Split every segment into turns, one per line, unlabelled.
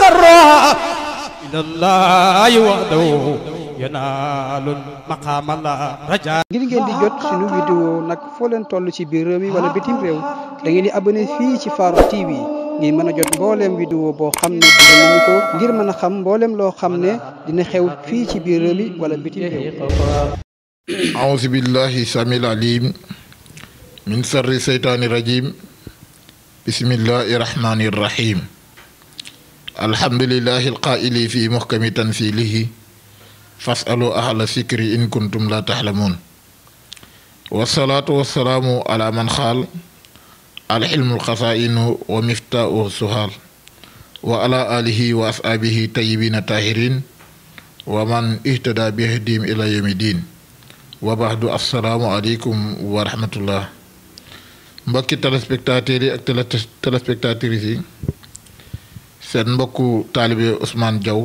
تقرى إلى الله وحده yanaalul maqaama la raja ngir ngeen di jot suñu vidéo nag foo leen toll ci biir réew mi wala bitim réew da ngeen di abonné fii ci Farokh TV ngir mën a jot mbooleem vidéo boo xam ne dinañu ko ngir mën a xam mbooleem loo xam ne dina xew fii ci biir réew mi wala bitim réew
aouzu billahi samil alim min sarri seytaani rajim bismillahi rahmani rahim الحمد لله القائل في محكم تنزيله فاسألوا أهل الذكر إن كنتم لا تعلمون والصلاة والسلام على من خال الحلم الخزائن ومفتاء السهال وعلى آله وأصحابه طيبين الطاهرين ومن اهتدى بهديهم إلى يوم الدين وبعد السلام عليكم ورحمة الله mbokki téléspectateurs yi ak seen mbokku taalibe Ousmane Diaw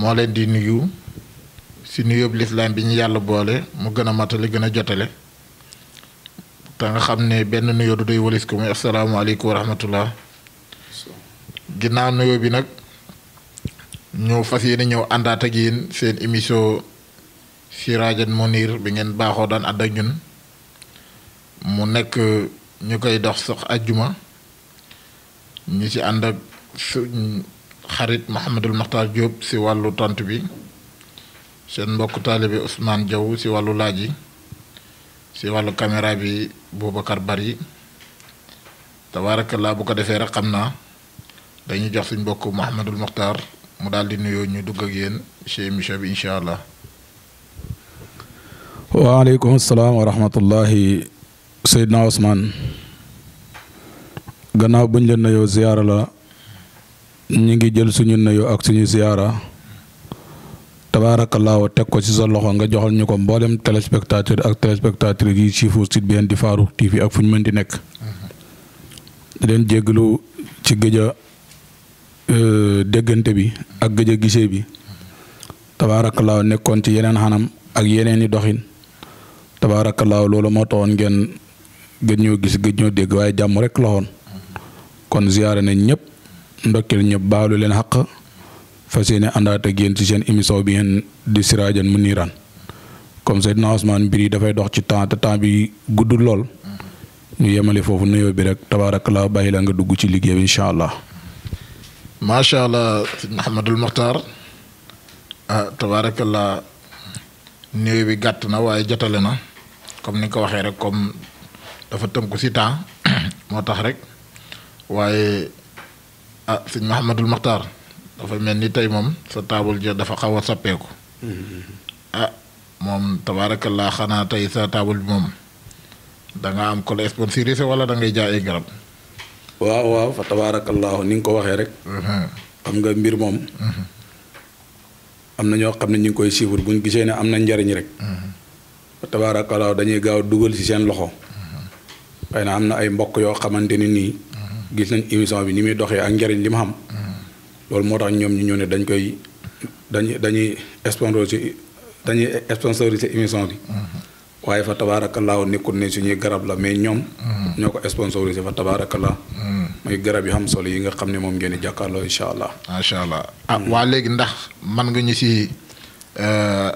moo leen di nuyu si nuyoob lislaam bi ñu yàlla boole mu gën a matale gën a jotale te nga xam ne benn nuyoo du doy walis ko muy asalaamaaleykum wa rahmatullah ginnaaw nuyoo bi nag ñoo fas yéene ñëw àndaata gi yéen seen émission Sirajan Munir bi ngeen baaxoo daan ànd ak ñun mu nekk ñu koy dox sax ajjuma ñi ci ànd ak suñ xarit Mouhamadul Makhtar Diop ci wàllu tont bi seen mbokk taalibe Ousmane jaw ci wàllu laaj yi ci wàllu caméra bi Boubacar Bari tabaarakallaa bu ko defee rek xam naa dañuy jox suñ mbokk Mouhamadul Makhtar mu daldi di nuyoo ñu dugg ak yéen ci émission bi incha allah.
waaleykum salaam wa rahmatullahi Seydina Ousmane. gannaaw buñ leen nuyoo ziyaara la ñu ngi jël suñu nuyoo ak suñu ziyaara tabaarakallaahu teg ko ci sa loxo nga joxal ñu ko mboolem téléspectateur ak téléspectatrice yi ci fu site bi di Farokh TV ak fu ñu mën di nekk di leen jégalu ci gëj a euh, déggante bi ak gëj a gisee bi tabaarakallaahu nekkoon ci yeneen xanam ak yeneen i doxin laaw loolu moo taxoon ngeen gëj ñoo gis gëj ñoo dégg waaye jàmm rek la woon kon ziyaare nañ ñëpp ndokkeel ñëpp baalu leen xaq fas yéene àndaat ak ci seen émission bi ngeen di siraajan mu niiraan comme Seydina Ousmane mbir yi dafay dox ci temps te temps bi gudd lool ñu yemale foofu nuyoo bi rek tabaarakallaa bàyyi la nga dugg ci liggéey bi incha allah.
macha allah Ahmadul Mokhtar ah tabaarakallaa nuyoo bi gàtt na waaye jotale na comme ni nga ko waxee rek comme dafa tënku si temps moo tax rek. waaye a ah, sëñ Mahamadul Maxtaar dafa mel ni tey moom sa taabul ja dafa xaw a soppeeku. Mm-hmm. ah moom tabaarakallaa xanaa tey sa taabul bi moom da am ko la sponsorisé wala da ngay jaay ay garab.
waaw waaw fa tabaarakallaahu ni nga ko waxee rek. xam
mm-hmm. nga mbir moom. Mm-hmm.
am na ñoo xam ne ñu ngi koy suivre bu gisee ne am na njariñ rek. fa tabaarakallaahu dañuy gaaw dugal ci seen loxo. xëy na am na ay mbokk yoo xamante ni nii. gis nañ émission bi ni muy doxee ak njariñ li mu xam. loolu moo tax ñoom ñu ñëw ne dañ koy dañuy dañuy sponsorisé dañuy sponsorisé émission bi. waaye fa tabaarakallaa nekkul ne suñuy garab la mais ñoom. ñoo ko sponsorisé fa la muy garab yi xam solo yi nga xam ne moom ngeen di jàkkaarloo incha allah. macha allah ah waa léegi ndax man nga ñu si euh,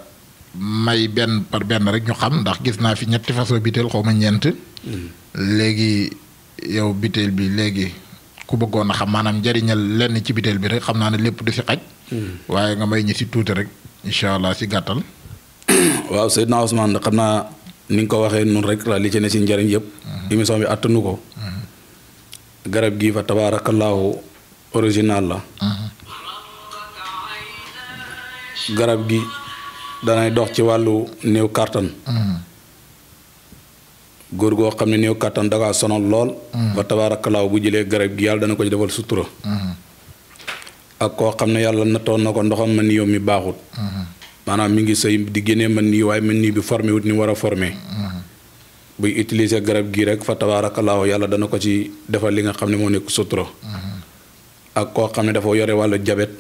may benn par benn rek ñu xam ndax gis naa fi ñetti façon biteel xaw ma ñeent. Hmm. léegi yow bitel bi legi ku bëggoon a xam maanaam jariñal lenn ci bitel bi rek xam naa ne lépp du fi xaj. Hmm. waaye nga may ñi si tuuti rek incha allah si gàttal.
waaw Seydina Ousmane xam naa ni nga ko waxee noonu rek la li ci ne si njariñ yëpp. Hmm. émission bi attanu ko. Hmm. garab gii fa original la. garab gi danay dox ci wàllu néew góor goo xam ne néew kàttan da kaa sonal lool. Mm. ba tabaarakalaaw bu jëlee garab gi yàlla dana ko ci defal sutura. Mm-hmm. ak koo xam ne yàlla nattoon na ko ndoxam ni yow mi baaxut. Mm-hmm. maanaam mi ngi sëy di génnee man ni waaye man ni bi formé wut ni war a formé. Mm-hmm. buy utiliser garab gii rek fa tabaarakalaaw yàlla dana ko ci defal li nga xam ne moo nekk sutura. ak koo xam ne dafa yore wàllu jabet.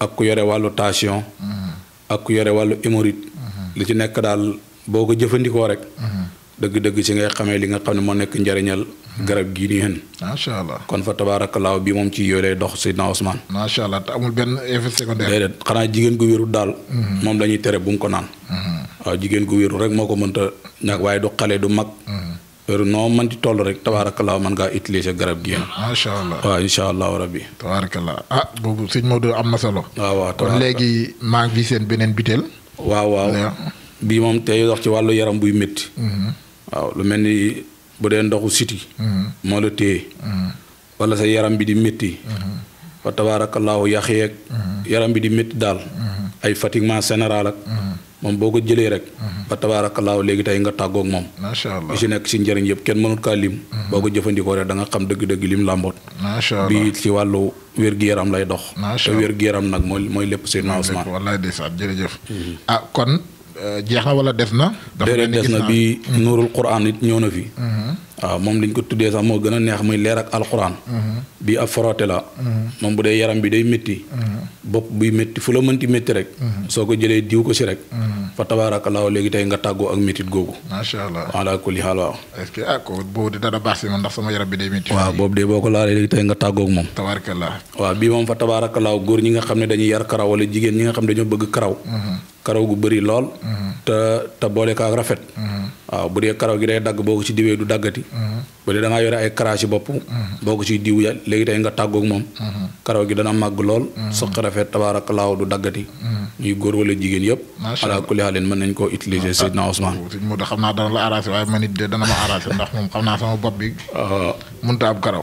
ak ku yore wàllu tension. ak ku yore wàllu hémorroïde. li ci nekk daal boo ko jëfandikoo rek. dëgg-dëgg si ngay xamee li nga xam ne moo nekk njariñal garab gi nii hen kon fa tabaarakallaahu bi moom ci yooyu lay dox Seydina Ousmane. macha allah te amul benn effet secondaire. déedéet xanaa jigéen gu wéru daal. Mhm. moom la tere bu mu ko naan.
Mhm.
jigéen gu wéru rek moo ko mënta ñàkk waaye du xale du mag. Mhm. heure noo man di toll rek tabaarakallaahu mën ngaa utiliser garab gi yéen. macha allah waaw incha allahu rabbi. tabaarakallaahu
ah boobu sëñ Maodo am na solo.
waaw kon léegi
maa ngi fi beneen biteel.
waaw waaw bii moom tey dox ci wàllu yaram buy métti. waaw lu mel ni bu dee ndoxu siti mm-hmm. moo la téye mm-hmm. wala sa yaram bi di métti mm-hmm. fa tabaarakallaahu yax yeeg yaram bi di métti daal ay fatiguement général ak moom boo ko jëlee rek fa laaw léegi tey nga tàggoog moom macha si nekk si njëriñ yëpp kenn mënut kaa lim boo ko jëfandikoo rek danga xam dëgg-dëgg lim làmboot macha allah bi ci wàllu wér yaram lay dox te wér yaram nag mooy mooy lépp Seydina Ousmane wallaay ndeysaan jërëjëf ah kon jeex na wala des na. dafa des na bi nuurul Qur'an it ñëw na fi. Mhm. waaw moom lañ ko tuddee sax moo gën a neex muy leer ak alxuraan. Mm-hmm. bii ab frotté la. Mm-hmm. moom bu dee yaram bi day métti. Mm-hmm. bopp buy métti fu la mënti métti rek. soo ko jëlee diw ko si rek. fa tabaarakallaahu léegi tey nga tàggoo ak métit googu. macha allah ala kulli xaal waaw.
est-ce que ah ko boobu de dara baax si sama yaram bi day métti. waaw
boobu de boo ko laalee léegi tey nga tàggoog moom.
tabaarakallaah.
waaw bii moom fa tabaarakallaahu góor ñi nga xam ne dañuy yar karaw wala jigéen ñi nga xam ne dañoo bëgg karaw. karaw gu bëri lool. te te boole kaa rafet. waaw ah, bu dee karaw gi day dagg boo ko ci diwee du mhm. bu dee da ngaa yore ay crache bopp mhm. boo ko ci diw ya léegi tey nga tàggoog moom mhm. karaw gi dana màgg lool soqi rafet tabaarak laaw du daggati muy góor wala jigéen yëpp ala kuli halin mën nañ koo utiliser ah, Seydina ah, Ousmane
moo tax xam naa dana la arrangé waaye man it de dana ma arrangé ndax moom xam naa sama bopp bi mënta ab karaw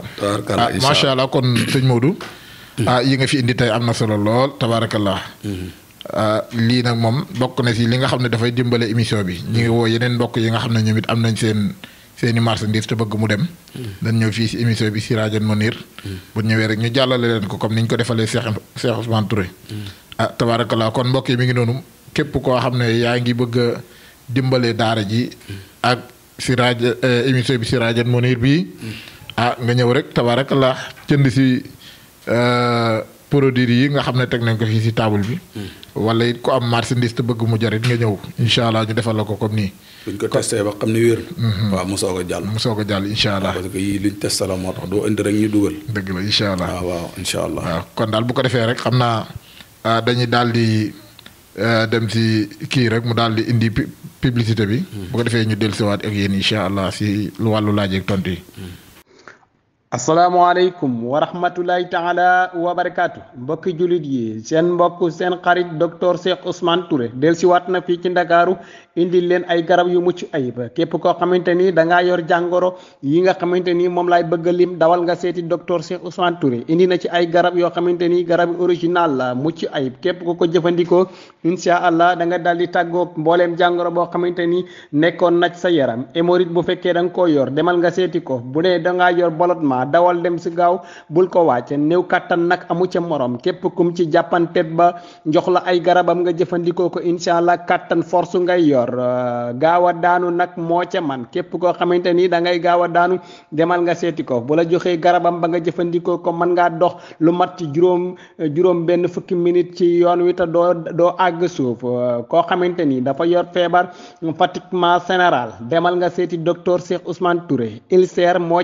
macha
allah kon sëñ Modou mm.
ah yi nga fi indi tey am na solo lool tabaarakallah mm-hmm. Euh, lii nag moom bokk na si li nga xam ne dafay dimbale émission bi ñu ngi woo yeneen mbokk yi nga xam ne ñoom it am nañ seen seeni marchandise te bëgg mu dem mm. dañ ñëw fii si émission bi si rajo Mounir mm. bu ñëwee rek ñu jàllale leen ko comme ni ñu ko defalee Cheikh Cheikh Ousmane Touré mm. ah tabarakallah kon mbokk yi mi ngi noonu képp koo xam ne yaa ngi bëgg a dimbale daara ji ak si rajo euh, émission bi si rajo Mounir bii ah nga ñëw rek tabarakallah jënd si euh, produit yi nga xam ne teg nañ ko fii si table bi wala it ku am marchandise te bëgg mu jarit nga ñëw incha allah ñu defal la ko comme nii.
buñ ko testé ba xam ne wér. Mhm. waaw mu soog jàll. mu soog a jàll incha allah. parce que yii moo tax doo dugal. dëgg la incha allah ah, waaw waaw allah.
kon daal bu ko defee rek xam naa ah, dañuy daal di eh, dem ci kii rek mu daal di indi publicité bi. Hmm. bu ko defee ñu dellusiwaat ak yéen incha allah si lu wàllu laaj ak tontu yi. Hmm.
Assalamualaikum warahmatullahi taala wa barakaatu mbokki jullit yi sen mbokk sen xarit docteur Cheikh Ousmane Touré dellusiwaat na fi ci ndakaaru indi len ay garab yu muccu ayib kep ko xamanteni da nga yor jangoro yi nga xamanteni mom lay bëgg lim dawal nga seti docteur Cheikh Ousmane Touré indi na ci ay garab yo xamanteni garab original la muccu ayib kep ko ko insya insha allah da nga daal di janggoro mbooleem jàngoro boo xamante ni nekkoon na sa yaram hémorroïde bu fekke dang ko yor demal nga seti ko bu ne da nga yor bolotma combat dawal dem si gaaw bul ko wàcce néew kàttan nag amu ca moroom képp kum ci jàppantet ba jox la ay garabam nga jëfandikoo ko incha allah kàttan force ngay yor euh, gaaw a daanu nag moo ca man képp koo xamante ni da ngay gaaw a daanu demal nga seeti ko bu joxee garabam ba nga jëfandikoo ko mën ngaa dox lu mat ci juróom euh, juróom benn fukki minute ci yoon wi doo doo àgg suuf euh, koo xamante ni dafa yor feebar pratiquement général demal nga seeti docteur Cheikh Ousmane Touré ulcère moo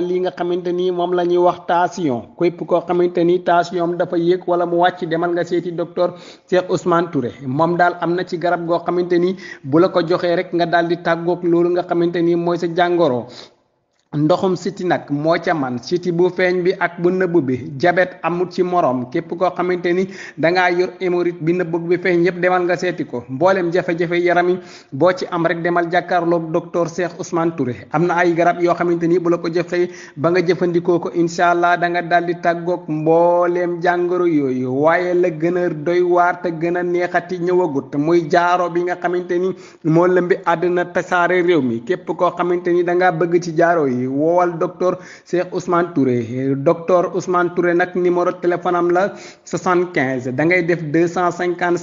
lii nga xamante ni moom la ñuy wax tension képp koo xamante ni tension dafa yéeg wala mu wàcc demal nga seeti docteur Cheikh Ousmane Touré moom daal am na ci garab goo xamante ni bu la ko joxee rek nga daal di tàggoog loolu nga xamante ni mooy sa jàngoro ndoxum siti nag moo ca man siti bu feeñ bi ak bu nëbb bi jabet amut ci moroom képp koo xamante ni dangaa yor hémorroïde bi nëbb bi feeñ yépp demal nga seeti ko mbooleem jafe-jafe yaram yi boo ci am rek demal jàkkaarloog docteur Cheikh Ousmane am na ay garab yoo xamante ni bu la ko joxee ba nga jëfandikoo ko incha allah da nga daal di tàggoog mbooleem jàngoro yooyu waaye la gën a doy waar te gën a neexati ñëwagut muy jaaro bi nga xamante ni moo lëmbi àddina tasaare réew mi képp koo xamante ni dangaa bëgg ci jaaro yi wo wal docteur Cheikh Ousmane Touré docteur Ousmane Touré nag numéro téléphone am la 75 da ngay def 255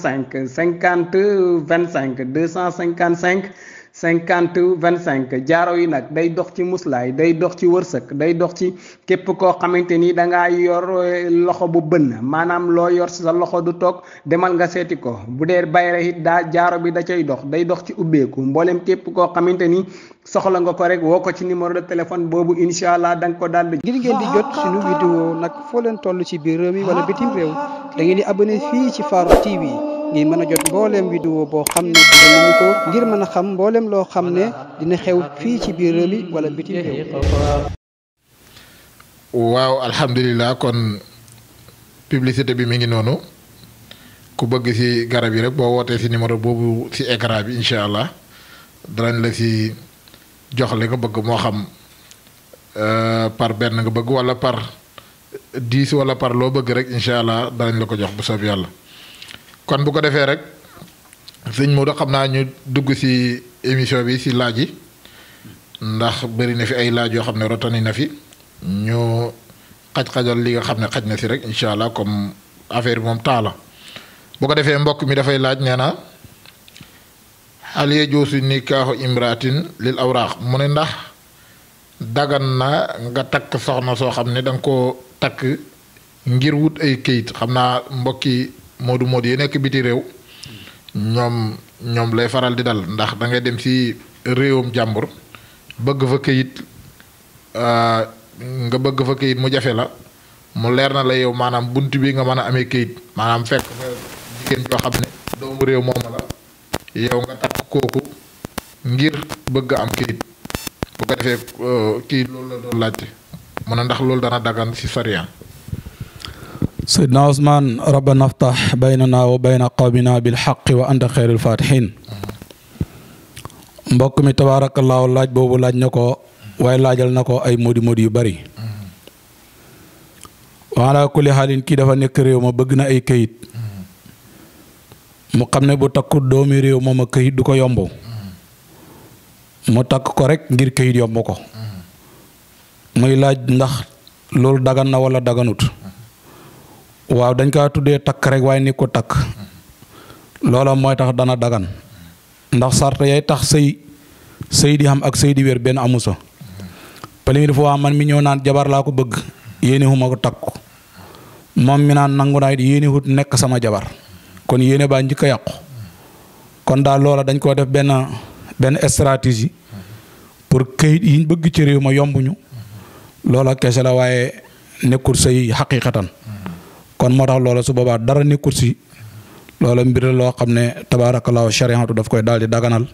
50 25 255 cinquante vingt cinq jaaro yi nag day dox ci muslaay day dox ci wërsëg day dox ci képp koo xamante ni da ngaa yor eh, loxo bu bënn maanaam loo yor sa loxo du toog demal nga seeti ko bu dee bayre it daa jaaro bi da cay dox day dox ci ubbeeku mboolem képp koo xamante ni soxla nga ko rek woo ko ci numéro de téléphone boobu incha allah da ko daal di. di jot suñu vidéo nag foo leen toll ci biir réew mi wala bitim réew da ngeen di abonné fii ci Farokh TV. ngi mën a jot mbooleem vidéo boo xam ne dina nañu ko ngir mën a xam mbooleem loo xam ne dina xew fii ci biir réew mi wala biti réew
waaw alhamdulilah kon publicité bi mi ngi noonu ku bëgg si garab yi rek boo wootee si numéro boobu si écran bi bagu allah la si jox li nga bëgg moo xam euh, par benn nga bëgg wala par 10 wala par lo bëgg rek incha allah danañ la ko jox bu soob yàlla kon bu ko defee rek sëñ Modou xam naa ñu dugg ci émission bi ci laaj yi ndax bëri na fi ay laaj yoo xam ne rotani na fi ñu xaj-xajal li nga xam ne xaj na si rek incha allah comme affaire bi moom taala bu ko defee mbokk mi dafay laaj nee na hal yajuuzu nikaahu imraatin lil awraax mu ne ndax dagan na nga takk soxna soo xam ne danga nga koo takk ngir wut ay këyit xam naa mbokki modu modi yi nekk biti réew nyom ñoom lay faral di dal ndax da ngay dem si réewum jambur bëgg fa këyit euh, nga bëgg fa këyit mu jafe la mu leer na la yow maanaam buntu bi nga mën a amee këyit fekk nga jigéen joo doomu la yow nga ngir bëgg am këyit bu ko defee euh, ki loolu la doon laajte ndax loolu dana dagan si
seydna usmaan rabbana aftax baynana wa bayna qawmina bilxaq wa anta xeyril faatixiin mbokk mi tabaarakallaahu laaj boobu laaj na ko waaye laajal na ko ay modi modi yu bari waala kulli xaalin kii dafa nekk réew ma bëgg na ay këyit mu xam ne bu takku doomi réew moom a këyit du ko yomb mu takk ko rek ngir këyit yomb ko muy laaj ndax loolu dagan na wala daganut waaw dañ kaa tuddee takk rek waaye ni ko takk loola mooy tax dana dagan ndax sart yay tax sëy sëy di xam ak sëy di wér benn sa palimi dafa waa man mi ñëw naan jabar laa ko bëgg yéene xuma ko takk moom mi naan nangu naa it yéene xut nekk sama jabar kon yéene baa njëkk a yàqu kon daal loola dañ koo def benn benn stratégie pour këyit yiñ bëgg ci réew ma yombuñu loola kese la waaye nekkul sëy xaqiqatan kon moo tax loola su boobaa dara nekkul si loola mbir loo xam ne tabaarakallaahu shariatu daf koy daal di daganal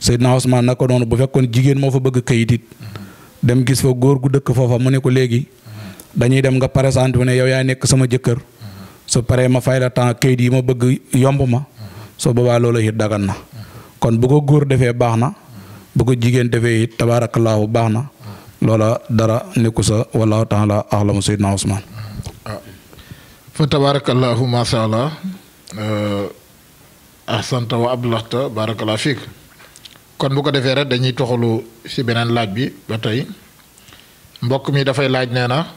Seydina Ousmane naka noonu bu fekkoon jigéen moo fa bëgg kayit dem gis fa góor gu dëkk foofa mu ne ko léegi dañuy dem nga présenté wu ne yow yaa nekk sama jëkkër su paree ma fay temps kayit yi ma bëgg yomb ma su boobaa loola it dagan na kon bu ko góor defee baax na bu ko jigéen defee it tabaarakallaahu baax na loola dara nekku sa wallaahu taala axlamu Seydina Ousmane
fa tabarakallahu masha allah euh, ahsanta wa ablahta barakallahu fiik kon bu ko defee rek dañuy toxalu ci beneen laaj bi ba tey mbokk mi dafay laaj nee na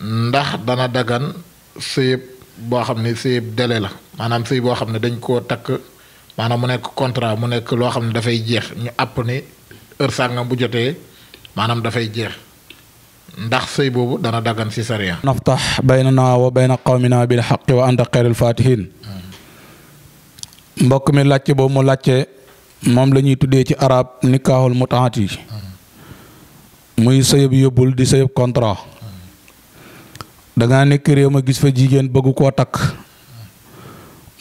ndax dana dagan sëyëb boo xam ne sëyëb délai la maanaam sëy boo xam ne dañ koo takk maanaam mu nekk contrat mu nekk loo xam ne dafay jeex ñu àpp ni heure bu jotee maanaam dafay jeex ndax sëy boobu dana daggan ci sariya
naftax naa wa bayna qawmina bil xaqi wa anta xeyril fatihin mbokk mi làcce boobu mu làcce moom la ñuy tuddee ci arab nikaaxul mutaat yi muy sëyëb yóbbul di sëyëb contrat danga nekk réew ma gis fa jigéen bëggu koo takk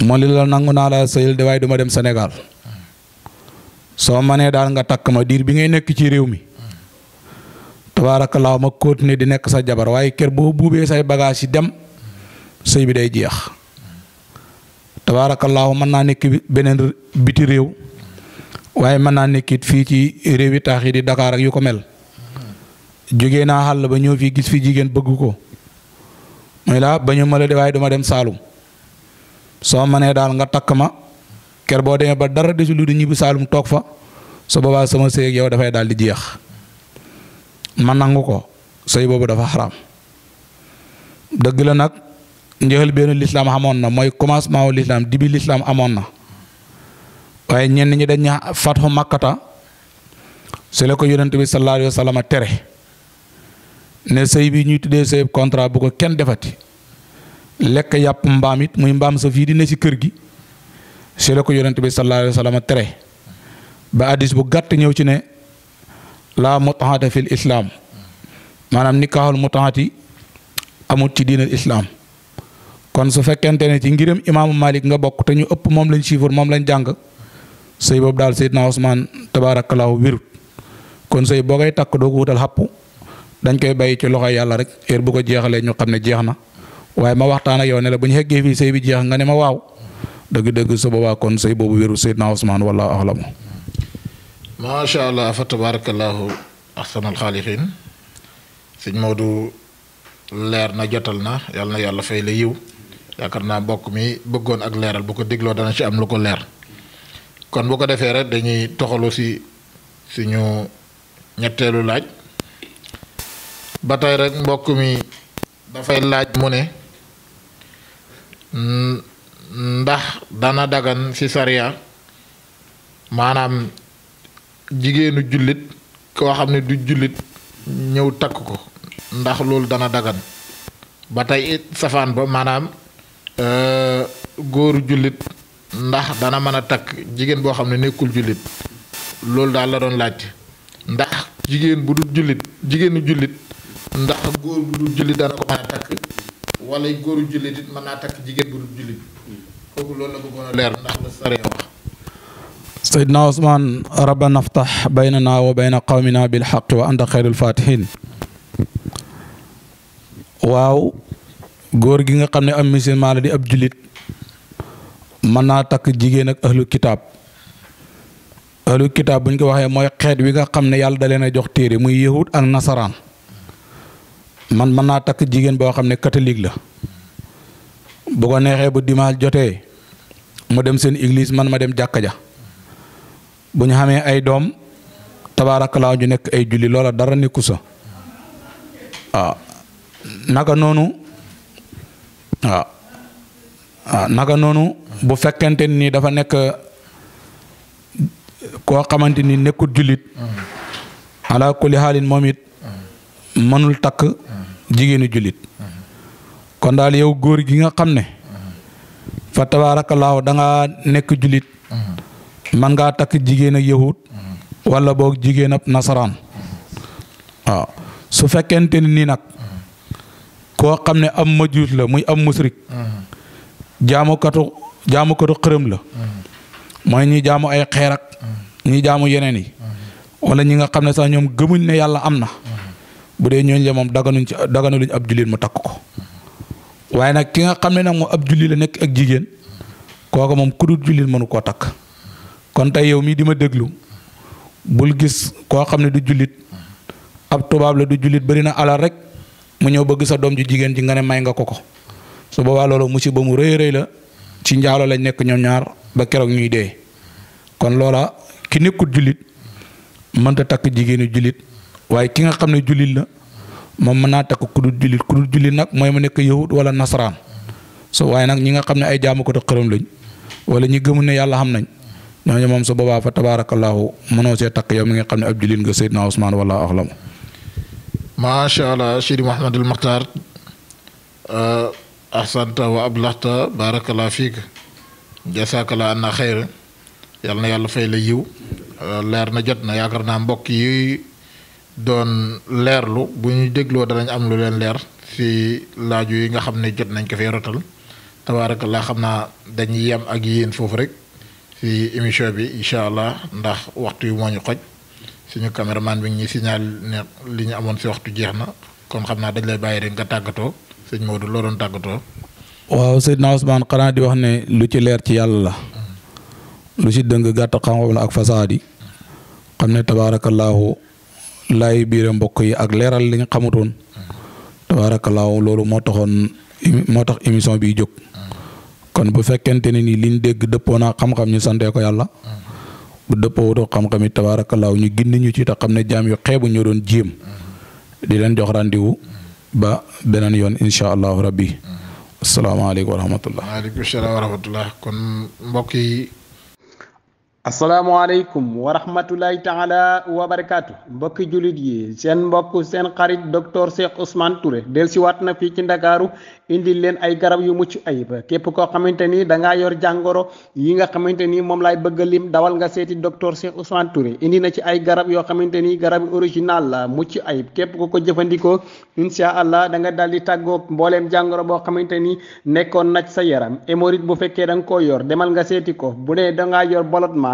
moo li la nangu naa laa sëyal de waaye duma dem senegal soo ma nee daal nga takk ma diir bi ngay nekk ci réew mi tabaarakallaa ma continuer di nekk sa jabar waaye kër boo buubee say bagaas yi dem sëy bi day jeex tabaarakallaa mën naa nekk beneen biti réew waaye mën naa nekkit fii ci réewi taax yi di Dakar ak yu ko mel jóge naa xàll ba ñëw fii gis fi jigéen bëgg ko mooy laa ba ñu ma la de waaye duma dem Saalum soo mënee daal nga takk ma ker boo demee ba dara desul di ñibbi Saalum toog fa su boobaa sama sëy ak yow dafay daal di jeex ma nangu ko sëy boobu dafa xaram dëgg la nag njëxal benn lislaam amoon na mooy commencement wu lislaam dibi lislaam amoon na waaye ñenn ñi dañ ñaa fatxu makkata su la ko yonent bi sallallahu alayhi wa tere ne sëy bi ñuy tuddee sëy contrat bu ko kenn defati lekk yàpp mbaam it muy mbaam sa fii di ne ci kër gi su la ko yonent bi sallallahu alayhi wa tere ba addis bu gàtt ñëw ci ne laa mutaata fil islaam maanaam nikaaxul mutaati amut ci diinal islaam kon su fekkente ne ci ngiram imaamu Malik nga bokk te ñu ëpp moom lañ siifur moom lañ jàng sëy boobu daal Seydina Ousmane tabaarakallaahu wirut kon sëy boo koy takk doo ko wutal xàpp dañ koy bay ci loxo yàlla rek heure bu ko jeexalee ñu xam ne jeex na waaye ma waxtaan ak yow ne la bu ñu xeggee fii bi jeex nga ne ma waaw dëgg-dëgg su boobaa kon sëy boobu wéru Seydina Ousmane wallaahu a'lam
macha allah fa tabarakallahu ahsanal xaalixiin sëñ Maodo leer na jotal na yàlla na yàlla fay la yiw yaakaar naa mbokk mi bëggoon ak leeral bu ko dégloo dana ci am lu ko leer kon bu ko defee rek dañuy toxalu si suñu ñetteelu laaj ba tey rek mbokk mi dafay laaj mu ne ndax dana dagan ci sariya maanaam jigéenu jullit koo xam ne du jullit ñëw takk ko ndax loolu dana dagan ba tey it safaan ba maanaam euh, góoru jullit ndax dana mën a takk jigéen boo xam ne nekkul jullit loolu daal la doon laaj ndax jigéen bu dul jullit jigéenu jullit ndax góor bu dul jullit dana ko mën a takk wala góoru jullit it mën naa takk jigéen bu dul jullit loolu la a leer ndax
سيدنا عثمان ربنا افتح بيننا وبين قومنا بالحق وانت خير الفاتحين واو غور جيغا خامني ام مسيل مال دي اب جوليت مانا تاك جيجين اك اهل الكتاب اهل الكتاب بنكو واخا موي خيت ويغا خامني يال دالينا جوخ تيري موي يهود اك نصران man man naa takk jigéen boo xam ne catholique la bu ko neexee bu dimaal jotee mu dem seen église man ma dem jàkka ja bu ñu xamee ay doom tabaarakallaa ju nekk ay julli loola dara nekku sa waaw ah, naka noonu waaw ah, ah, noonu bu fekkente nii dafa nekk koo xamante ni nekkul jullit ala kulli xaalin moom it mënul takk jigéenu jullit kon daal yow góor gi nga xam ne fa tabaarakallaahu da nekk jullit man ngaa takk jigéen ak yahud wala boog jigéen ab nasaraan waaw su fekkente nii nag koo xam ne am majuus la muy am musrik jaamukatu jaamukatu xërëm la mooy ñi jaamu ay xeer ak ñi jaamu yeneen yi wala ñi nga xam ne sax ñoom gëmuñ ne yàlla am na bu dee ñooñu la moom daganuñ ci daganuñ ab jullit mu takk ko waaye nag ki nga xam ne nag moo ab jullit la nekk ak jigéen kooku moom ku dul mënu koo takk. kon tay yow mi di deglu bul gis ko xamne du julit ab la du julit bari na alarek rek mu ñew bëgg sa dom ju jigen ji nga ne may nga ko su boobaa loolu musiba mu reey reey la ci njaalo lañ nek ñom ñaar ba kérok ñuy dee kon lola ki julit man ta tak jigenu julit waye ki nga xamne julit la mom mën naa takk ku du julit ku du julit nak moy mu nek yahud wala nasran so waye nak ñi nga xamne ay jaamu ko to lañ wala ñi gëmu ne yalla xam nañ ñoo ñoom su boba fa tabaarakallaahu mëno ci tak yow mi nga xam ne ab julin nga Seydina Ousmane
eh, ahsanta wa ablahta barakallah fik, jasakala anna khair yalla yalla fay la yiw eh, leer na jot na yaakar na mbokk yi doon leerlu bu ñu dégloo danañ am lu leen leer fi laaju yi nga xam jot nañ ko fay rotal tabarakallah xamna dañ yem ak yeen fofu rek ci émission bi incha allah ndax waxtu yu moo ñu xoj suñu caméraman bi ngi ñuy signal ne li ñu amoon si waxtu jeex na kon xam naa dañ lay bàyyi rek nga tàggatoo sëñ Modou loo doon tàggatoo.
waaw Seydina Ousmane xanaa di wax ne lu ci leer ci yàlla la. Mm-hmm. lu ci dëng gàtt xam-xam la ak fasaadi xam ne tabaarakallaahu laay biire mbokk yi ak leeral li nga xamutoon mm-hmm. tabaarakallaahu loolu moo taxoon moo tax émission bi jóg. Mm-hmm. kon bu fekkente ne ni liñ dégg dëppoo naa xam-xam ñu santee ko yàlla bu dëppoo wutoo xam-xam it tabaarakallaahu ñu gindi ñu ci te xam ne jaam yu xeebu ñu doon di leen jox rendez ba beneen yoon incha allahu rabbi asalaamaaleykum wa rahmatullah
waaleykum salaam wa rahmatullah kon mbokk yi Assalamualaikum warahmatullahi taala wa barakaatu mbokki julit yi sen mbokk sen xarit docteur Cheikh Ousmane Touré wat na fi ci ndakaaru indi len ay garab yu mucc ayib kep ko xamanteni da nga yor jangoro yi nga xamanteni mom lay bëgg lim dawal nga seti docteur Cheikh Ousmane Touré indi na ci ay garab yo xamanteni garab original la mucc ayib kep ko ko jëfandikoo insha allah da nga daldi taggo mbollem jangoro bo xamanteni nekkon nacc sa yaram hémorroïde bu fekke dang ko yor demal nga seti ko bu ne da nga yor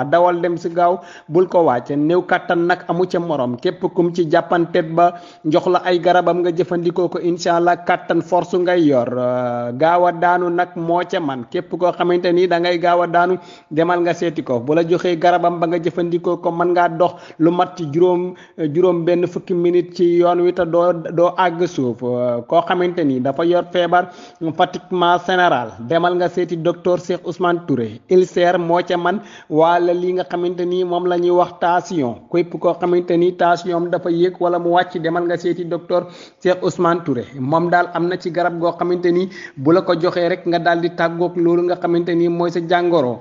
baax dawal dem si gaaw bul ko wàcce néew kàttan nag amu ca moroom képp kum ci jàppantet ba jox la ay garabam nga jëfandikoo ko incha allah kàttan force ngay yor euh, gaaw a daanu nag moo ca man képp koo xamante ni da ngay gaaw a daanu demal nga seeti ko bu joxee garabam ba nga jëfandikoo ko mën ngaa dox lu mat ci juróom euh, juróom benn fukki minute ci yoon wi doo doo àgg suuf euh, koo xamante ni dafa yor feebar pratiquement général demal nga seeti docteur Cheikh Ousmane Touré la li nga xamante ni moom la ñuy wax tension képp koo xamante ni tension dafa yéeg wala mu wàcc demal nga seeti docteur Cheikh Ousmane Touré moom daal am na ci garab goo xamante ni bu la ko joxee rek nga daal di tàggoog loolu nga xamante ni mooy sa jàngoro.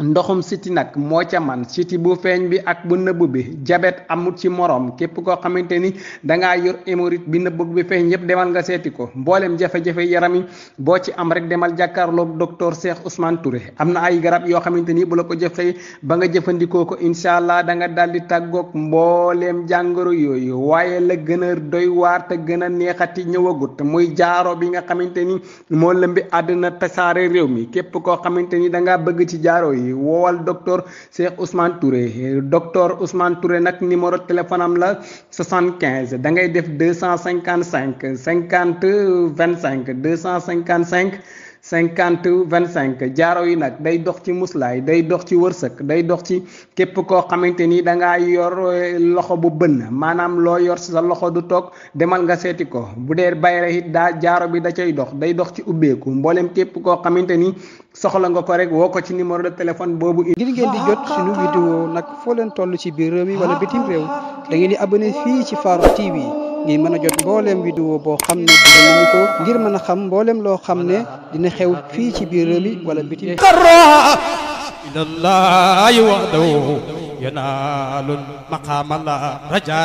ndoxum siti nag moo ca man siti bu feeñ bi ak bu nëbb bi jabet amut ci moroom képp koo xamante ni dangaa yor hémorroïde bi nëbb bi feeñ yépp demal nga seeti ko mbooleem jafe-jafe yaram yi boo ci am rek demal jàkkaarlook docteur Cheikh Ousmane Touré am na ay garab yoo xamante ni bu la ko jëfee ba nga jëfandikoo ko incha allah da nga daldi tàggoog mbooleem jàngoro yooyu waaye la gën a doy waar te gën a neexati ñëwagut muy jaaro bi nga xamante ni moo lëmbi àddina tasaare réew mi képp koo xamante ni dangaa bëgg ci jaaro yi wo wàllu docteur Cheikh Ousmane Touré docteur Ousmane Touré nag numéro téléphone am la 75 da ngay def 255 50 25 255. cinquante vingt cinq jaaro yi nag day dox ci muslaay day dox ci wërsëg day dox ci képp koo xamante ni da ngaa yor eh, loxo bu bënn maanaam loo yor si sa loxo du toog demal nga seeti ko bu dee bayre it daa jaaro bi da cay dox day dox ci ubbeeku mboolem képp koo xamante ni soxla nga ko rek woo ko ci numéro de téléphone boobu. ngir ngeen di jot suñu vidéo nag foo leen tollu ci biir réew mi wala bitim réew da ngeen di abonné fii ci Farokh TV. ngir mën a jot mbooleem vidéo boo xam ne dinañu ko ngir mën a xam mbooleem loo xam ne dina xew fii ci biir réew mi wala biti
ilallahi wahdahu yanaalul maqaamala raja